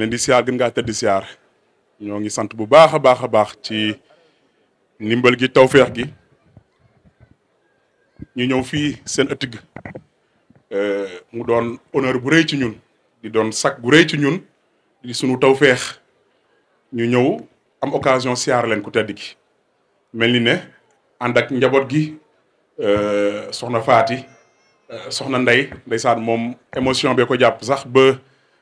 ngi leen di siyaar gën ngaa tëdd siyaar ñoo ngi sant bu baax a baax a baax ci ndimbal gi feex gi ñu ñëw fii seen tig ëttig eh, mu doon honneur bu rëy ci ñun di doon sac bu rëy ci ñun di sunu feex ñu ñëw am occasion siyaar leen ku tedd gi mel ni ne ànd ak njaboot gi eh, soxna Faati eh, soxna Ndey ndeysaan moom émotion bee ko jàpp sax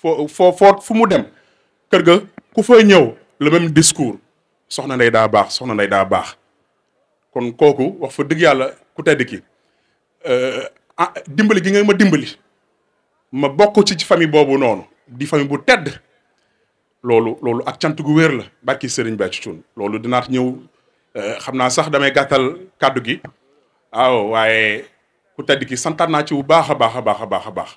foo foo foo fu mu dem kër ga ku fay ñëw le même discours soxna nday daa baax soxna nday daa baax kon kooku wax fa dëgg yàlla ku tedd ki euh, ah, dimbali gi nga ma dimbali ma bokk ci ci famille boobu noonu di famille bu tedd loolu loolu ak cant gu wér la bàkki sëriñ Béthio Thioune loolu dinaa ñëw euh, xam naa sax damay gàttal kàddu gi waaw waaye ku tedd ki santaat naa ci bu baax a baax a baax a baax a baax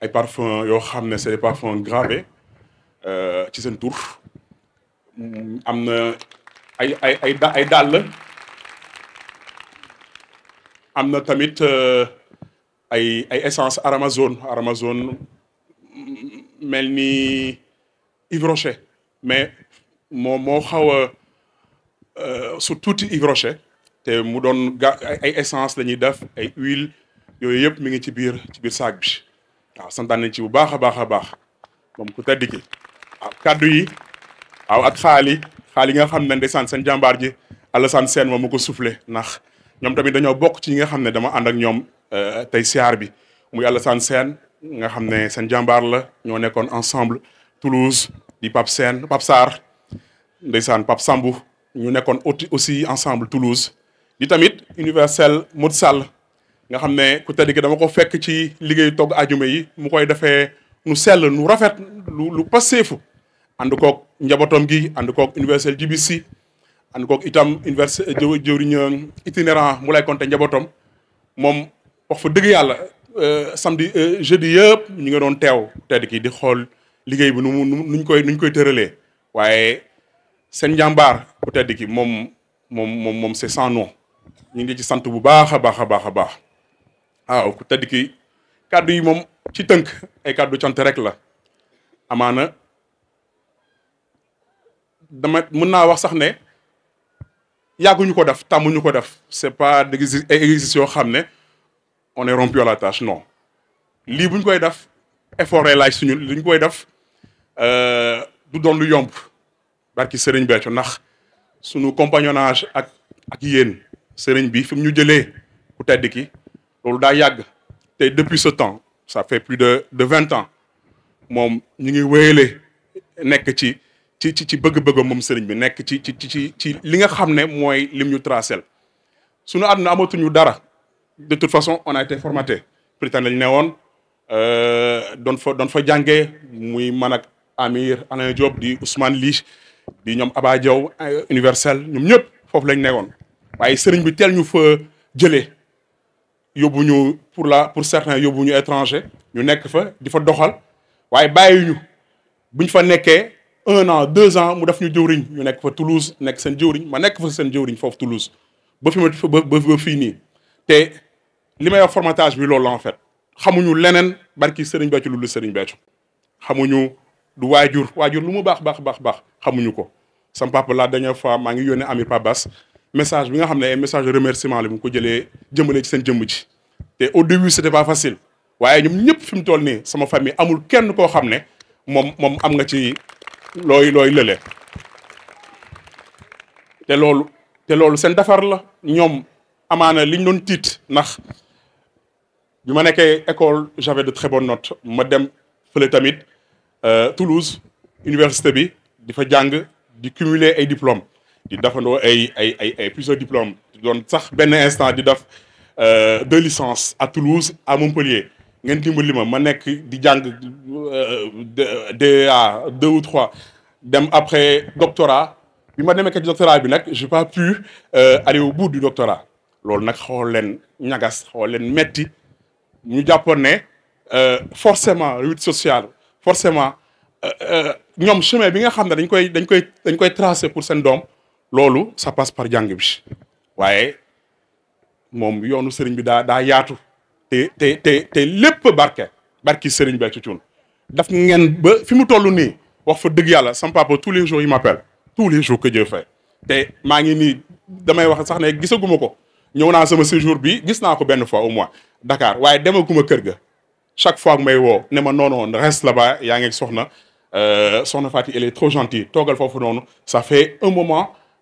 ay parfum yo xamné c'est des parfums gravés euh, ci sen tour ay ay ay tamit euh, ay essence Amazon Amazon melni mais mo mo xawa euh su tout Yves Rocher mu essence la def ay huile mi waaw santaan ci bu baax a baax a baax moom ku tedd ki waaw yi waaw ak xaal yi xaal yi nga xam ne sant seen jàmbaar ji Alassane Sène moom mu ko soufflé ndax ñoom tamit dañoo bokk ci yi nga xam ne dama ànd ak ñoom euh, tey siyaar bi muy sant Sène nga xam ne seen jàmbaar la ñoo nekkoon ensemble Toulouse di Pape Sène Pape Sarr ndeysaan pap Sambou ñu nekkoon aussi ensemble Toulouse di tamit universel Modou Sall nga xam ne ku tedd dama ko fekk ci liggéey togg ajuma yi mu koy defee nu sell nu rafet lu lu passeefu ànd koog njabootam gi ànd koog universel GBC ànd koog itam universel jëwriñ euh, itinérant mu lay te njabootam moom wax fa dëgg yàlla euh, samedi euh, jeudi yëpp ñu ngi doon teew tedd ki di xool liggéey bi nu nuñ koy nuñ koy tëralee waaye seen njàmbaar ku tedd ki moom moom moom moom c'est sans ñu ngi ci sant bu baax a baax a baax a baax Ah, ku tedd ki kàddu yi moom ci tënk ay kàddu rek la amaana dama mën wax sax ne ko def ko def c'est pas des n'est on est rompu à la tâche non lii buñ koy def effort lay suñu liñ koy def euh, du doon lu barki sëriñ ndax suñu compagnonnage ak ak yéen bi ñu loolu daa yàgg te depuis ce temps ça fait plus de de 20 ans moom ñu ngi wéyale nekk ci ci ci bëgg-bëgg mom sëriñ bi nekk ci ci ci ci li nga xam moy lim ñu tracel suñu aduna amatu ñu dara de toute façon on a été formaté pritan lañu ne woon euh, doon fa don fa jàngee muy man ak Amir Alain job di Ousmane lich di ñom Aba euh, universel ñom ñëpp fofu lañ ne waye waaye sëriñ bi teel ñu fa jëlé pour la pour certains étrangers, étrangers ñu nekk fa ils doxal waye buñ fa un an deux ans mu daf ñu jëwriñ ñu nekk fa Toulouse nekk sen jëwriñ ma nekk fa sen jëwriñ fofu Toulouse ba fi ma ba fini wax formatage bi l'ol la en fait xamuñu leneen barki Serigne de lu Serigne ne xamuñu du wajur wajur lu mu bax bax bax xamuñu ko sam papa la dernière fois ma ngi pas Amir Pabas message bi nga xamné ay message de remerciement la mu ko ci sen ci te au début c'était pas facile waye ñom ñëpp fi mu toll nii sama famille amul kenn ko xamné mom mom am nga ci loy loy lële té loolu té loolu sen dafar la ñom amana liñ doon école j'avais de très bonnes notes ma dem fële tamit euh, Toulouse université bi di fa jàng di cumuler ay diplômes di dafando ay ay ay ay plusieurs diplômes doon sax ben instant di daf euh deux licences à Toulouse à Montpellier ngeen dimbali ma ma nekk di jàng euh, DEA deux ou trois dem après doctorat bi ma demee kat doctorat bi nag j'ai pas pu euh, aller au bout du doctorat lol nak xaw leen ñagas xaw leen metti ñu japoné euh forcément lutte sociale forcément euh, euh ñom chemin bi nga xam ne dañ koy dañ koy dañ koy tracer pour sen dom Lolo ça passe par jàng bi waaye yoonu bi da da yaatu te te te te barki serigne bi ci daf ngeen fi mu ni wax fa tous les jours il m'appelle tous les jours que Dieu fait te ma ngi ni damay wax ne ko sama séjour bi ko benn fois au moins Dakar demaguma kër ga chaque fois may wo ne ma non non reste là-bas euh, elle est trop gentille ça fait un moment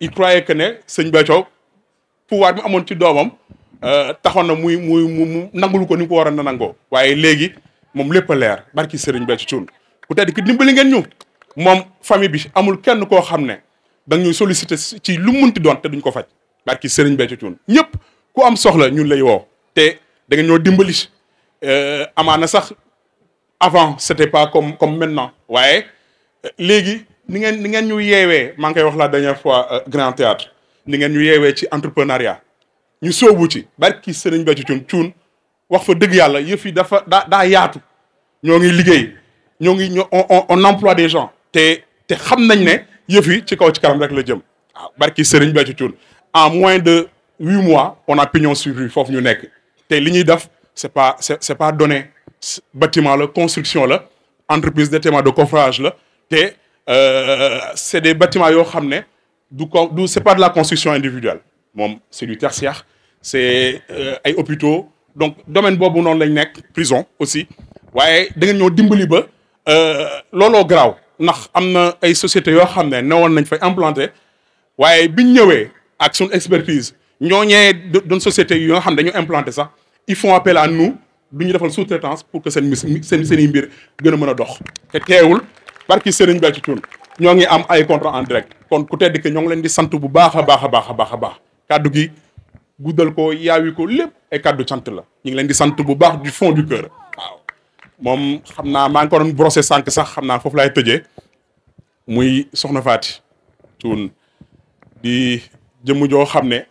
il croyait que ne sëñ Béthio pouvoir bi amoon ci doomam euh, taxoon na muy muy mu nangul ko ni ko waroon a nangoo waaye léegi moom lépp a leer barki sëriñ Béthio Thioune ku tedd ki dimbali ngeen ñu moom famille bi amul kenn koo xam ne danga ñuy solliciter ci lu munti doon te duñ ko faj barki sëriñ Béthio Thioune ñëpp ku am soxla ñun lay woo te da nga ñoo dimbali euh, amaana sax avant c'était pas comme comme maintenant waaye euh, léegi ni ngeen ni ngeen ñu yeewee maa ngi koy wax la dernière fois euh, grand théâtre ni ngeen ñu yeewee ci entrepreneuriat ñu sóobu ci barki serigne Béthio ciun ciun wax fa deug yalla yëf yi dafa daa yaatu ñoo ngi liggéey ñoo ngi ñoo on on emploi des gens té té xam nañ né yëf yi ci kaw ci kanam rek la jëm barki serigne Béthio ciun en moins de huit mois on a pignon sur rue foofu ñu nekk té li ñuy def c'est pas c'est c'est pas donné bâtiment la construction la entreprise de thème de coffrage la té euh, c'est des bâtiments qui xam ne du pas de la construction individuelle C'est c'est du tertiaire c'est des euh, hôpitaux donc domaine boobu noonu lañ nekk prison aussi waaye da nous ñoo dimbali ba euh, looloo garaaw ndax sociétés qui ont ne nañ fay implanté waaye biñ ñëwee ak expertise nous avons des société qui ont xam ne ils font appel à nous nous ñu defal sous-traitance pour que ces seen seen i mbir gën a barki Serigne Béthio Thioune ñoo ngi am ay contrat en direct kon ku tedd ki ñoo ngi leen di santu bu baax a baax a baax a baax a gi guddal ko yaawi lépp ay kaddu cant la ñu ngi leen di santu bu baax du fond du cœur waaw moom xam naa maa ngi ko doon brosser sax xam na foofu laay tëjee muy soxna Faati Thioune di jëmm joo xam ne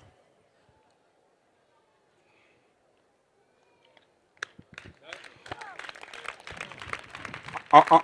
ah, ah.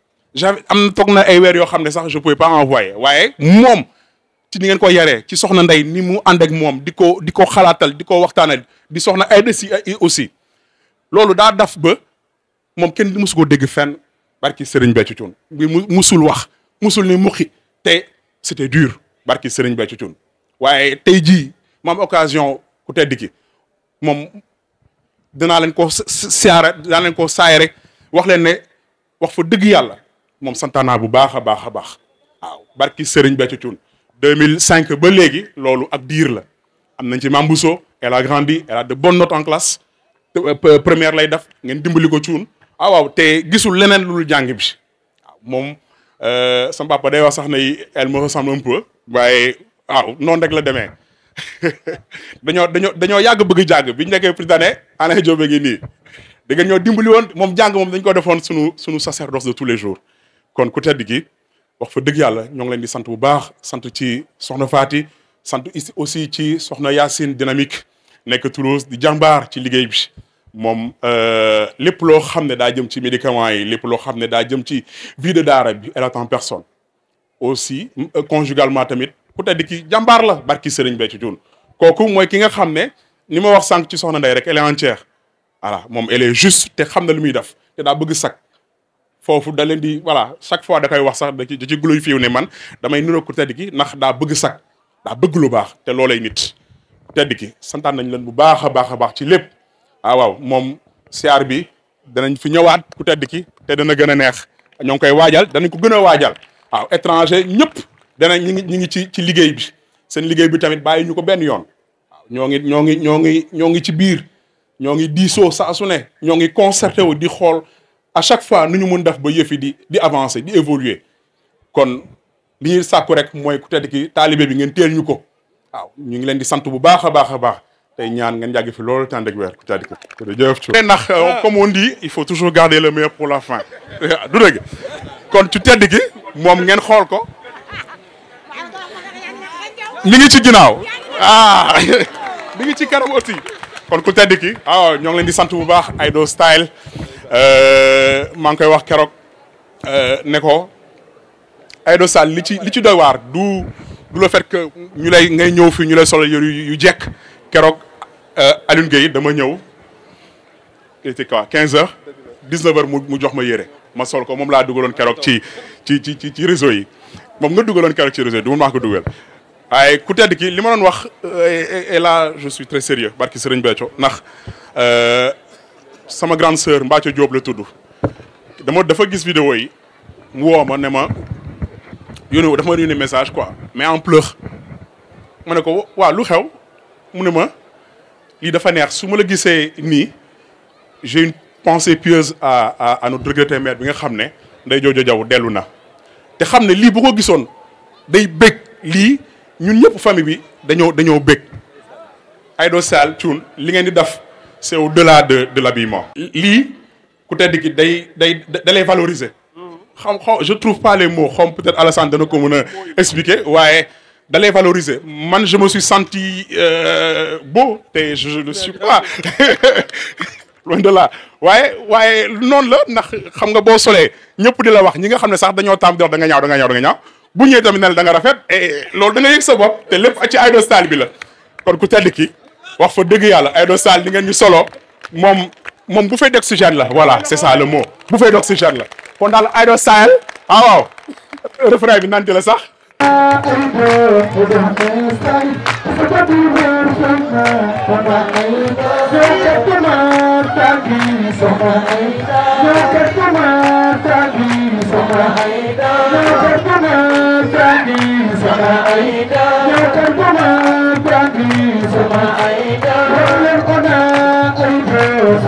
j'avais am sax je pouvais pas envoyer waaye mom ci ni ngeen ko yaré ci soxna nday ni mu ak mom diko diko diko waxtanal di soxna ay de si aussi lolou da daf ba mom kenn musu ko fenn barki Serigne musul wax musul ni te c'était dur barki Serigne Béthio Thioune waaye tey occasion ku tedd ki len ko ko wax ne wax mom santana bu baax a baax a waaw barki Serigne Béthio Thioune 2005 ba léegi lolou ak dir la am nañ ci Mame elle a grandi elle a de bonnes notes en classe euh, première lay def ngeen dimbali ko Thioune ah waaw té gisul leneen lul jàng bi mom euh sama papa day wax sax né elle me ressemble un peu waaye waaw non rek la demee dañoo dañoo dañoo yag bëgg jàng biñ nekkee président ne Alain Diop ngi ni da nga ñoo dimbali won mom jàng mom dañ ko defoon suñu suñu sacerdoce de tous les jours kon ku tedd gi wax fa dëgg yàlla ñoo ngi leen di sant bu baax sant ci soxna Faati sant aussi ci soxna Yacine dynamique nekk Toulouse di jàmbaar ci liggéey bi moom euh, lépp loo xam ne daa jëm ci médicaments yi lépp loo xam ne daa jëm ci vie de daara bi elle attend personne aussi euh, conjugalement tamit ku tedd ki jàmbaar la barki Sëriñ Béthio Thioune kooku mooy ki nga xam ne ni ma wax sànq ci soxna nday rek elle est entière voilà moom elle est juste te xam na lu muy def te daa bëgg sakk. foofu da leen di voilà chaque fois da koy wax sax da ci da ci glorifié ne man damay niroo ko tedd ki nax daa bëgg sax daa bëgg lu baax te loolay nit. tedd ki santaan nañ leen bu baax a baax a baax ci lépp ah waaw moom siyaar bi danañ fi ñëwaat ku tedd ki te dana gën a neex ñoo ngi koy waajal danañ ko gën a waajal waaw ah, étranger ñëpp danañ ñu ngi ñu ngi ci ci liggéey bi seen liggéey bi tamit bàyyi ñu ko benn yoon waaw ah, ñoo ngi ñoo ngi ñoo ngi ñoo ngi ci biir ñoo ngi diisoo saa su ne ñoo ngi concerté wu di xool. à chaque fois nu ñu mun def ba yëfi di di avancer di évoluer kon li ñuy sàkku rek mooy ku tedd ki taalibe bi ngeen teel ñu ko waaw ñu ngi leen di sant bu baax a baax a baax tey ñaan ngeen jàgg fi loolu tànd ak weer ku tedd ki jërëjëf ndax comme on dit il faut toujours garder le meilleur pour la fin du dëgg kon ci tedd ki moom ngeen xool ko mi ngi ci ginnaaw ah mi ngi ci kanam aussi kon ku tedd ki waaw ñoo ngi leen di sant bu baax Aïdo Style euh, maa ngi koy wax keroog euh, ne ko Aïda Sall li ci li ci doy war du du le fait que ñu lay ngay ñëw fi ñu lay solo yu yu kérok euh Alioune Gueye dama ñëw il était quoi 15 h 19 h mu jox ma yéré ma sol ko mom la dugaloon kérok ci ci ci ci réseau yi mom nga dugaloon kérok ci réseau yi du ma ko dugal. waaye ku tedd ki li ma doon wax euh, et là je suis très sérieux barki serigne Sëriñ nax euh sama grande sœur Mbathio Diop la tudd dama dafa gis vidéo yi mu woo ma ne ma yónni dafa ma message quoi mais en pleurs ma ko wa lu xew mu néma li dafa neex suma la gissé ni j'ai une pensée pieuse à à à notre regretté mère bi nga xamné ne Jojo jaw dellu na te xam ne bu ko gisoon day bëgg li ñun ñëpp famille bi dañoo dañoo bëgg Aïdo sal Thioune li ngeen di daf c'est au-delà de de l'habillement Li, ku tedd ki day day da valoriser. xam je trouve pas les mots xaw peut-être Alassane dana ko mën a expliquer waaye da lay valoriser man je me suis senti euh, beau mais je ne suis pas loin de là waaye waaye Non la ndax xam nga boo solee ñëpp di la wax ñi nga xam ne sax dañoo taam di wax da nga ñaaw da nga ñaaw da nga ñaaw bu ñëwee tamit ne la da nga rafet et loolu da nga yëg sa bopp te lépp ci Aïda Style bi la kon ku tedd wax fa dëgg yàlla Aïda sal ni ngeen ñu solo Mon moom bouffée d'oxygène la voilà c'est ça le mot bouffée d'oxygène la kon daal Aïda sal ah waaw refrain bi nante la sax